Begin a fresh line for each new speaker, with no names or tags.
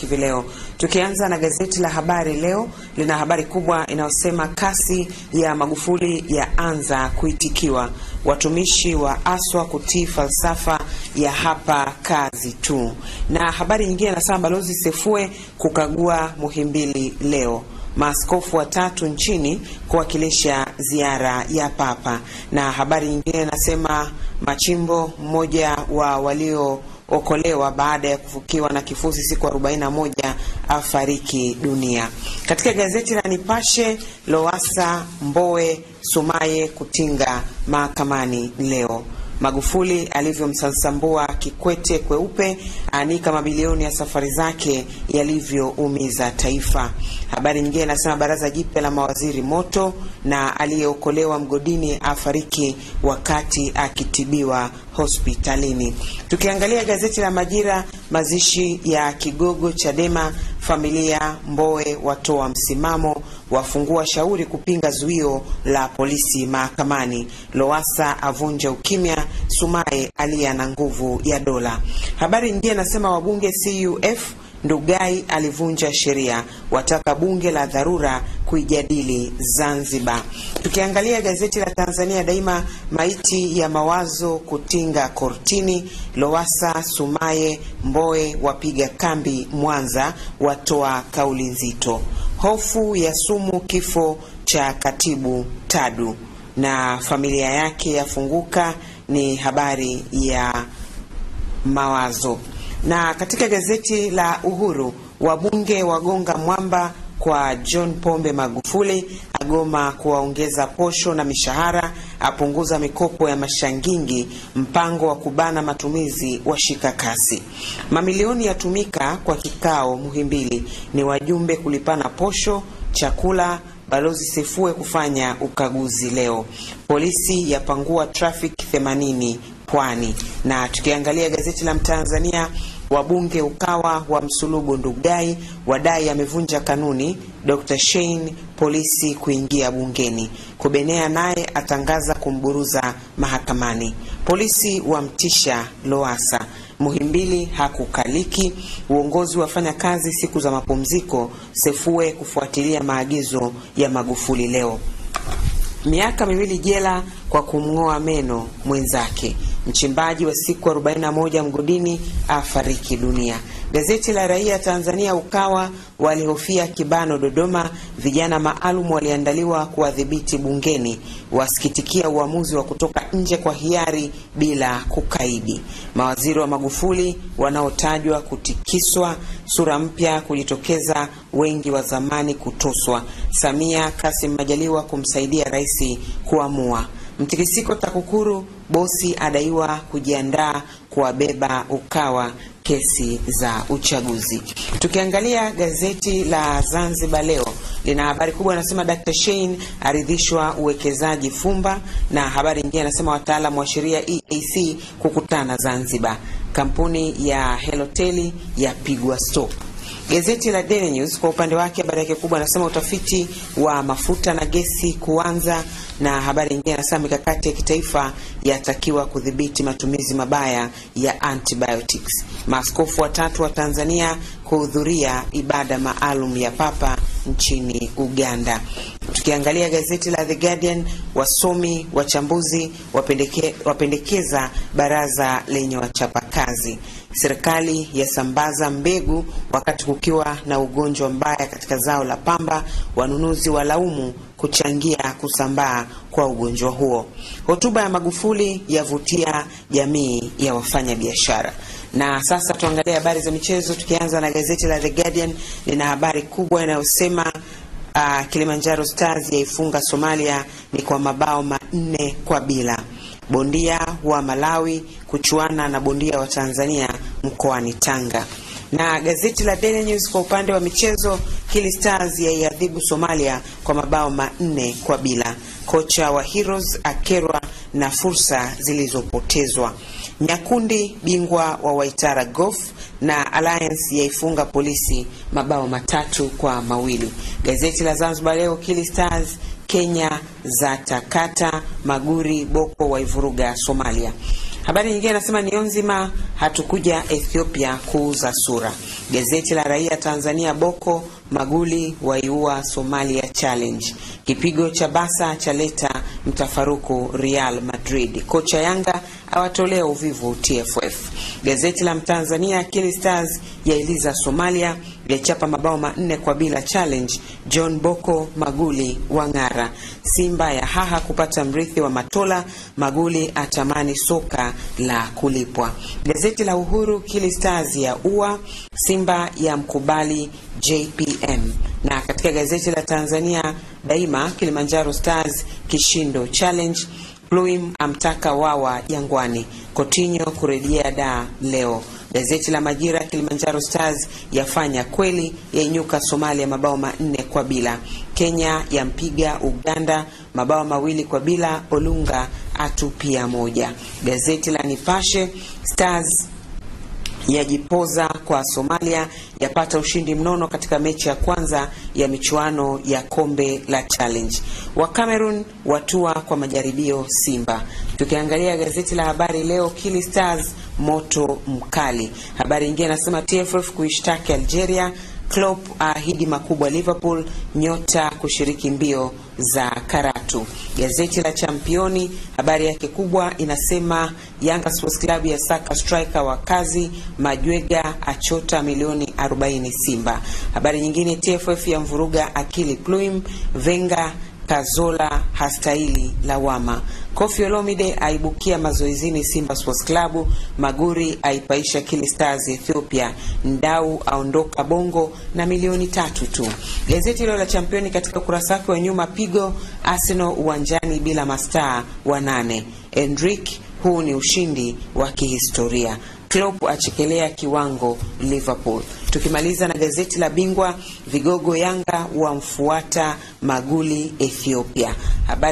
hivi leo. Tukianza na gazeti la Habari Leo, lina habari kubwa inayosema kasi ya Magufuli ya anza kuitikiwa, watumishi wa aswa kutii falsafa ya hapa kazi tu. Na habari nyingine inasema Balozi Sefue kukagua Muhimbili leo maaskofu watatu nchini kuwakilisha ziara ya Papa. Na habari nyingine inasema Machimbo, mmoja wa walio okolewa baada ya kufukiwa na kifusi siku 41 afariki dunia. Katika gazeti la Nipashe, Lowasa Mbowe Sumaye kutinga mahakamani leo. Magufuli alivyomsasambua Kikwete kweupe, anika mabilioni ya safari zake yalivyoumiza taifa. Habari nyingine inasema baraza jipya la mawaziri moto, na aliyeokolewa mgodini afariki wakati akitibiwa hospitalini. Tukiangalia gazeti la Majira, mazishi ya kigogo Chadema, familia mboe watoa msimamo, wafungua shauri kupinga zuio la polisi mahakamani. loasa avunja ukimya Sumaye aliye na nguvu ya dola. Habari nyingine inasema wabunge CUF Ndugai alivunja sheria, wataka bunge la dharura kuijadili Zanzibar. Tukiangalia gazeti la Tanzania Daima, maiti ya mawazo kutinga kortini, Lowasa, Sumaye, Mboe wapiga kambi Mwanza, watoa kauli nzito, hofu ya sumu kifo cha katibu Tadu na familia yake yafunguka ni habari ya mawazo. Na katika gazeti la Uhuru, wabunge wagonga mwamba kwa John Pombe Magufuli, agoma kuwaongeza posho na mishahara, apunguza mikopo ya mashangingi, mpango wa kubana matumizi washika kasi, mamilioni yatumika kwa kikao Muhimbili, ni wajumbe kulipana posho, chakula Balozi Sefue kufanya ukaguzi leo. Polisi yapangua traffic 80 Pwani. Na tukiangalia gazeti la Mtanzania, wabunge Ukawa wa msulubu Ndugai, wadai amevunja kanuni. Dr. Shein polisi kuingia bungeni. Kubenea naye atangaza kumburuza mahakamani. Polisi wamtisha Loasa. Muhimbili hakukaliki. Uongozi wafanya kazi siku za mapumziko. Sefue kufuatilia maagizo ya Magufuli leo miaka miwili jela kwa kumng'oa meno mwenzake mchimbaji wa siku 41 mgodini afariki dunia. Gazeti la Raia Tanzania Ukawa walihofia kibano Dodoma, vijana maalum waliandaliwa kuwadhibiti bungeni, wasikitikia uamuzi wa kutoka nje kwa hiari bila kukaidi. Mawaziri wa Magufuli wanaotajwa kutikiswa, sura mpya kujitokeza, wengi wa zamani kutoswa. Samia Kasim Majaliwa kumsaidia rais kuamua Mtikisiko TAKUKURU, bosi adaiwa kujiandaa kuwabeba UKAWA kesi za uchaguzi. Tukiangalia gazeti la Zanzibar Leo lina habari kubwa, inasema Dr. Shein aridhishwa uwekezaji Fumba, na habari nyingine anasema wataalamu wa sheria EAC kukutana Zanzibar, kampuni ya Heloteli yapigwa stop. Gazeti la Daily News kwa upande wake habari yake kubwa anasema utafiti wa mafuta na gesi kuanza, na habari nyingine anasema mikakati ya kitaifa yatakiwa kudhibiti matumizi mabaya ya antibiotics. Maaskofu watatu wa Tanzania kuhudhuria ibada maalum ya Papa nchini Uganda. Tukiangalia gazeti la The Guardian, wasomi wachambuzi wapendeke, wapendekeza baraza lenye wachapakazi. Serikali yasambaza mbegu wakati kukiwa na ugonjwa mbaya katika zao la pamba, wanunuzi walaumu kuchangia kusambaa kwa ugonjwa huo. Hotuba ya Magufuli yavutia jamii ya wafanyabiashara. Na sasa tuangalie habari za michezo, tukianza na gazeti la The Guardian lina habari kubwa inayosema uh, Kilimanjaro Stars yaifunga Somalia ni kwa mabao manne kwa bila. Bondia wa Malawi kuchuana na bondia wa Tanzania mkoani Tanga. Na gazeti la Daily News kwa upande wa michezo, Kili Stars yaiadhibu Somalia kwa mabao manne kwa bila. Kocha wa Heroes akerwa na fursa zilizopotezwa. Nyakundi bingwa wa Waitara Golf na Alliance yaifunga polisi mabao matatu kwa mawili. Gazeti la Zanzibar Leo, Kili Stars Kenya za takata Maguri Boko waivuruga Somalia. Habari nyingine nasema ni nzima, hatukuja Ethiopia kuuza sura. Gazeti la Raia Tanzania, Boko Maguli waiua Somalia Challenge. Kipigo cha basa cha leta mtafaruku Real Madrid. Kocha Yanga awatolea uvivu TFF. Gazeti la Mtanzania Akili Stars yailiza Somalia, yachapa mabao manne kwa bila challenge. John Boko Maguli wang'ara. Simba ya haha kupata mrithi wa Matola. Maguli atamani soka la kulipwa. Gazeti la Uhuru Kili Stars ya ua Simba ya mkubali JPM na katika gazeti la Tanzania Daima Kilimanjaro Stars kishindo challenge Pluim amtaka wawa Jangwani, Kotinyo kurejea da leo. Gazeti la Majira, Kilimanjaro Stars yafanya kweli, yainyuka Somalia mabao manne kwa bila. Kenya yampiga Uganda mabao mawili kwa bila, Olunga atupia moja. Gazeti la Nipashe Stars yajipoza kwa Somalia yapata ushindi mnono katika mechi ya kwanza ya michuano ya kombe la Challenge. Wa Cameroon watua kwa majaribio Simba. Tukiangalia gazeti la habari leo, Kili Stars moto mkali. Habari nyingine inasema TFF kuishtaki Algeria, Klopp ahidi makubwa Liverpool, nyota kushiriki mbio za Karatu. Gazeti la Championi habari yake kubwa inasema Yanga Sports Club ya saka striker wa kazi Majwega achota milioni 40 Simba. Habari nyingine TFF ya mvuruga akili Pluim Venga Pazola hastahili lawama. Kofi Olomide aibukia mazoezini Simba Sports Club. Maguri aipaisha Kili Stars Ethiopia. Ndau aondoka Bongo na milioni tatu tu. Gazeti hilo la Championi katika ukurasa wake wa nyuma, pigo Arsenal uwanjani bila mastaa wanane. Enrique, huu ni ushindi wa kihistoria. Klopp achekelea kiwango Liverpool. Tukimaliza na gazeti la Bingwa, vigogo Yanga wamfuata Maguli Ethiopia. Habari